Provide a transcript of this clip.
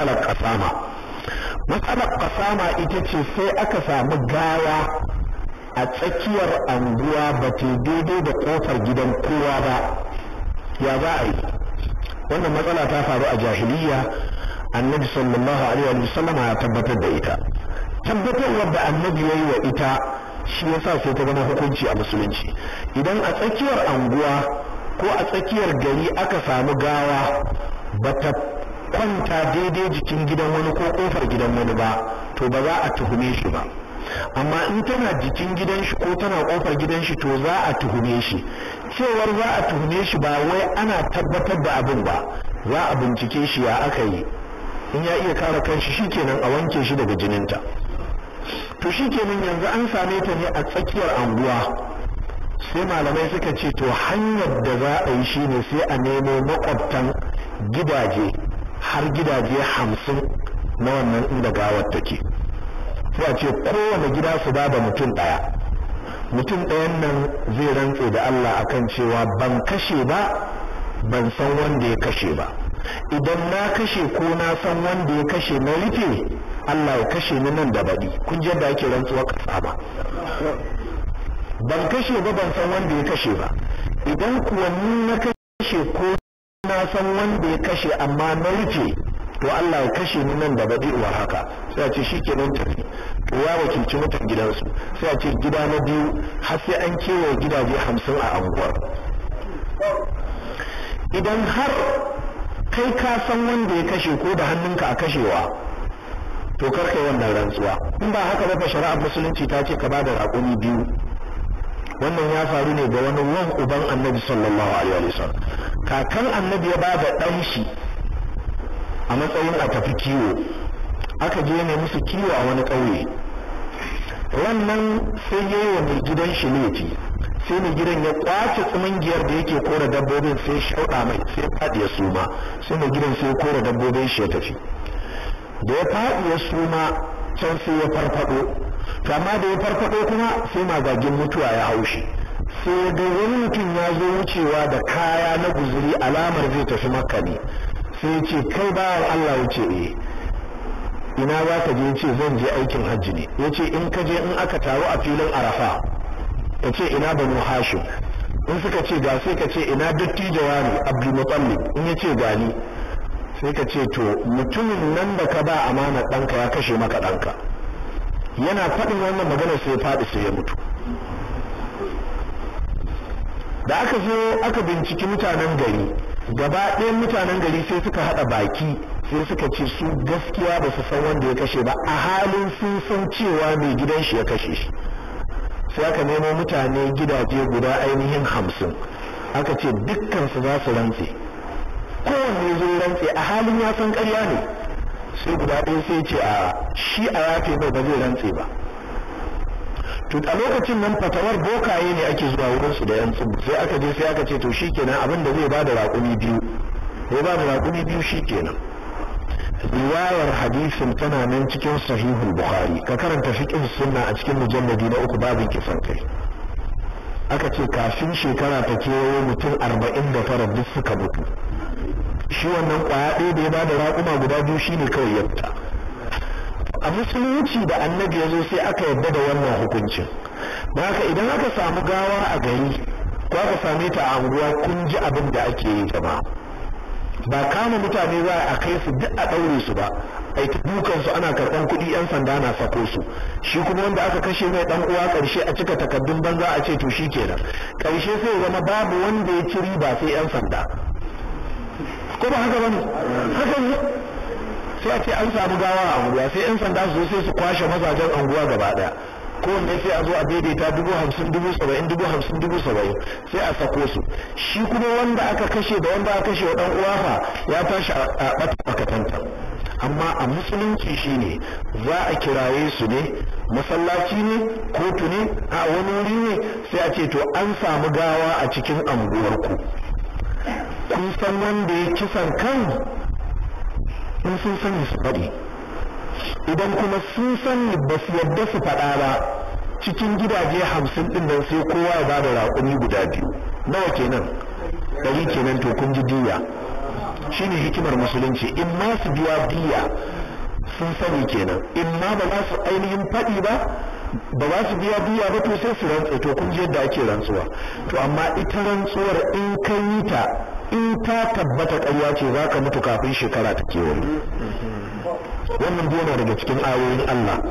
matsalar kasama matsalar kasama ita ce sai aka samu gawa a tsakiyar anguwa ba ta daidai da kofar gidan kowa ba ya za a yi wannan matsala ta faru a jahiliya annabi sallallahu alaihi wa sallam ya tabbatar da ita tabbatarwar da annabi ya yi wa ita shi yasa sai ta zama hukunci a musulunci idan a tsakiyar anguwa ko a tsakiyar gari aka samu gawa bata kwanta daidai jikin gidan wani ko kofar gidan wani ba to ba za a tuhume shi ba amma in tana jikin gidan shi ko tana kofar gidan shi to za a tuhume shi cewar za a tuhume shi ba wai ana tabbatar da abin ba za a bincike shi ya aka yi in ya iya kare kanshi shikenan a wanke shi daga jinin ta. to shi shikenan yanzu an same ta ne a tsakiyar anguwa sai malamai suka ce to hanyar da za a yi shi ne sai a nemo makwabtan gidaje har gidaje hamsin na wannan inda gawar take sai a ce kowane gida su ba da mutum ɗaya mutum ɗayan nan zai rantse da Allah akan cewa ban kashe ba ban san wanda ya kashe ba idan na kashe ko na san wanda ya kashe na rufe Allah ya kashe ni nan da baɗi kun yadda ake rantsuwa ƙasa ba ban kashe ba ban san wanda ya kashe ba idan kuwa ni na kashe ko na san wanda ya kashe amma na wuce to Allah ya kashe ni nan da badi'uwa haka sai a ce shi ke nan tafi to ya wakilci mutan gidansu sai a ce gida na biyu har sai an kewa gidaje hamsin a anguwar idan har kai ka san wanda ya kashe ko da hannunka a kashewa to karka wannan rantsuwa in ba haka ba shari'ar musulunci ta ce ka ba da raƙumi biyu wannan ya faru ne ga wani wan uban annabi sallallahu alaihi wasallam kakan annabi ya bada dan shi a matsayin a tafi kiwo aka je ne musu kiwo a wani ƙauye wannan sai ya yi wa mai gidan shi laifi sai mai gidan ya kwace tsimangiyar da yake kora dabbobin sai shauɗa mai sai faɗi ya suma sai mai gidan sai kora dabbobin shi ya tafi da ya faɗi ya suma can sai ya farfaɗo to amma da ya farfado kuma sai magagin mutuwa ya haushi sai da wani mutum ya zo wucewa da kaya na guzuri alamar zai tafi makka ne sai ce kai bawan Allah wuce eh ina za ka je ce zan je aikin hajji ne ya ce in ka je in aka taru a filin arafa ta ce ina banu hashim in suka ce ga sai ka ce ina dattijo wani abdulmutallib in ya ce gani sai ka ce to mutumin nan da ka ba amana ɗanka ya kashe maka ɗanka yana faɗin wannan magana sai ya faɗi sai ya mutu da aka zo aka binciki mutanen gari gaba ɗayan mutanen gari sai suka haɗa baki sai suka ce su gaskiya ba su san wanda ya kashe ba a halin sun san cewa mai gidan shi ya kashe shi sai aka nemo mutane gidaje guda ainihin hamsin aka ce dukkan su za su rantse kowanne zai rantse a halin ya san karya ne sai guda ɗaya sai ce a shi a yafe mai ba zai rantse ba to a lokacin nan fatawar bokaye ne ake zuwa wurin su da yan sai aka je sai aka ce to shikenan abin da zai ba da raƙumi biyu zai ba da raƙumi biyu shikenan riwayar hadisin tana nan cikin sahihu bukhari ka karanta fiqh sunna a cikin mujalladi na uku babin kisan kai aka ce kafin shekara ta kewaye mutum arba'in da tara duk suka mutu shi wannan kwaya ɗaya da ya da raƙuma guda biyu shi ne kawai ya fita a musulunci da annabi ya zo sai aka yarda da wannan hukuncin da haka idan aka samu gawa a gari ko aka same ta a anguwa kun ji abin da ake yi jama'a ba kama mutane za a kai su duk a ɗaure su ba a dukan su ana karɓan kuɗi yan sanda na sako su shi kuma wanda aka kashe mai ɗan uwa ƙarshe a cika takardun banza a ce to shi kenan ƙarshe sai zama babu wanda ya ci riba sai yan sanda ko ba haka bane haka ne sai a ce an samu gawa a unguwa sai yan sanda su zo sai su kwashe mazajen unguwa gaba daya ko ne sai a zo a daidaita dubu hamsin dubu saba'in dubu hamsin dubu saba'in sai a sako su shi kuma wanda aka kashe da wanda aka kashe wa dan uwa fa ya tashi a bata makatanta amma a musulunci shine za a kiraye su ne masallaci ne kotu ne a wani wuri ne sai a ce to an samu gawa a cikin anguwarku kun san wanda ya kisan kan in sun san su faɗi idan kuma sun sani ba su yadda su faɗa ba cikin gidaje hamsin ɗin nan sai kowa ya bada raƙumi guda biyu nawa kenan ɗari kenan to kun ji diya shine hikimar musulunci in ma su biya diya sun sani kenan in ma ba za su ainihin faɗi ba ba za su biya diya ba to sai su rantse to kun ji yadda ake rantsuwa to amma ita rantsuwar in ka yi ta in ta tabbata ƙarya ce za ka mutu kafin shekara ta kewaye wannan biyu daga cikin ayoyin Allah